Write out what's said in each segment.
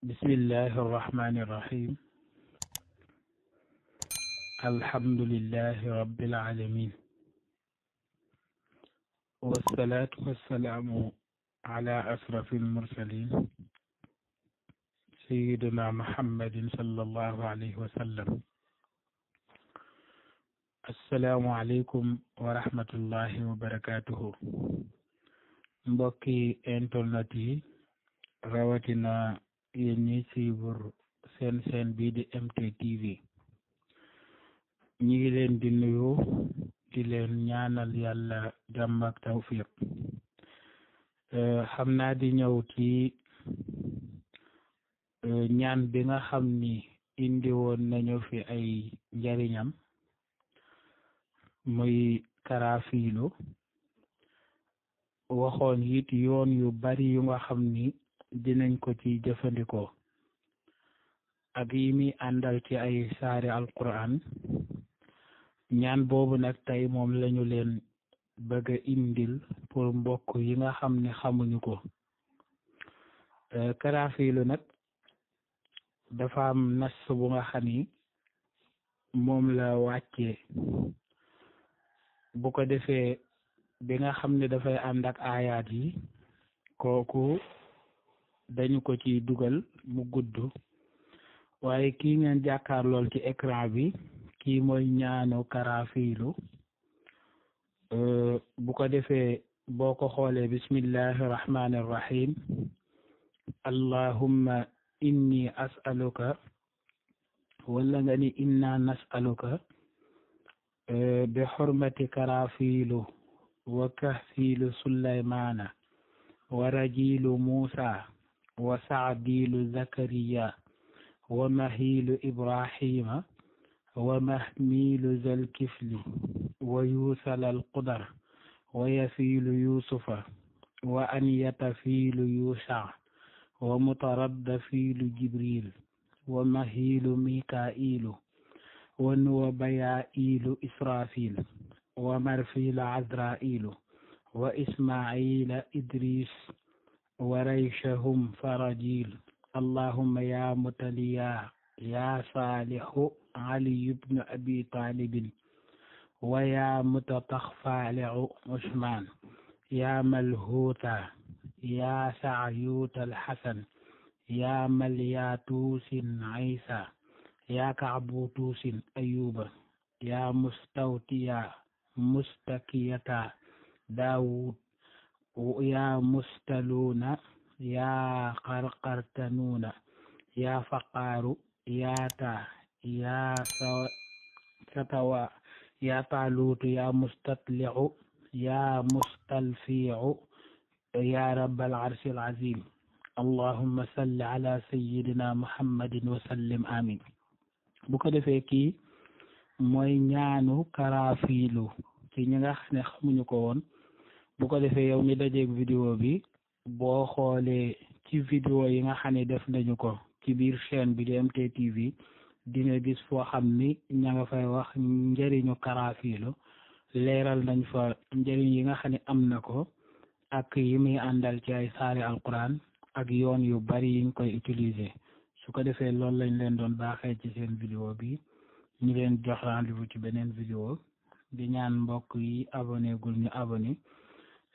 بسم الله الرحمن الرحيم الحمد لله رب العالمين والصلاة والسلام على أشرف المرسلين سيدنا محمد صلى الله عليه وسلم السلام عليكم ورحمة الله وبركاته mbokki internet روتنا yéen ñi suivre seen chaîne bii di MTTV ñi ngi leen di nuyu di leen ñaanal yàlla jàmm eh, xam naadi di ñëw eh, ñaan bi nga xam ni indi woon nañu fi ay njariñam muy karaafiilu waxoon it yoon yu bari yu nga xam ni dinañ ko ci jëfandikoo ak yi muy àndal ci ay saari alquran ñaan boobu nag tey moom lañu leen bëgg indil pour mbokk yi nga xam ne xamuñu ko karaafilu nag dafa am nas bu nga xam ni moom la wàccee bu ko defee bi nga xam ne dafay ànd ak aayaat yi kooku dañu ko ci dugal mu gudd waaye kii ngeen jàkkaar lool ci écran bi kii mooy ñaanu karaafiilu euh, bu ko defee boo ko xoolee bismillahi rahmani rahim allahumma inni as'aluka wala nga ni inna nas'aluka euh, bi xurmati karaafiilu wa kahfiilu sulaymana wa rajilu muusa وسعديل زكريا ومهيل إبراهيم ومهميل ذا الكفل ويوسل القدر ويفيل يوسف وأن يتفيل يوشع ومترد فيل جبريل ومهيل ميكائيل ونوبيائيل إسرافيل ومرفيل عزرائيل وإسماعيل إدريس وريشهم فرجيل اللهم يا متليا يا صالح علي بن أبي طالب ويا متطخفى عثمان يا ملهوتا يا سعيوت الحسن يا ملياتوس عيسى يا كعبوتوس أيوب يا مستوتيا مستكية داوود يا مستلون يا قرقرتنون يا فقار يا تا يا ستوى يا طالوت يا مستطلع يا مستلفيع يا رب العرش العظيم اللهم صل على سيدنا محمد وسلم آمين بوكو ديفي كي موي نيانو كرافيلو كي نيغا خني خمو xam bu ko defee yow mi dajeeg vidéo bi boo xoolee ci vidéo yi nga xam ne def nañu ko ci biir chaîne bi di MTTV dina gis foo xam ni ña nga fay wax njëriñu karaafiilu leeral nañ fa njëriñ yi nga xam ne am na ko ak yi muy àndal ci ay saari alquran ak yoon yu bari yiñ koy utiliser su ko defee loolu lañ leen doon baaxee ci seen vidéo bi ñu leen jox rendez ci beneen vidéo di ñaan mbokk yi abonné gul ñu abonné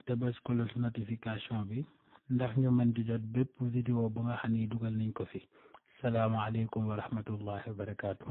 te bës cloche notification bi ndax ñu mën di jot bépp vidéo bu nga xam ni dugal nañ ko fi salaamaaleykum wa rahmatullahi wa barakaatu.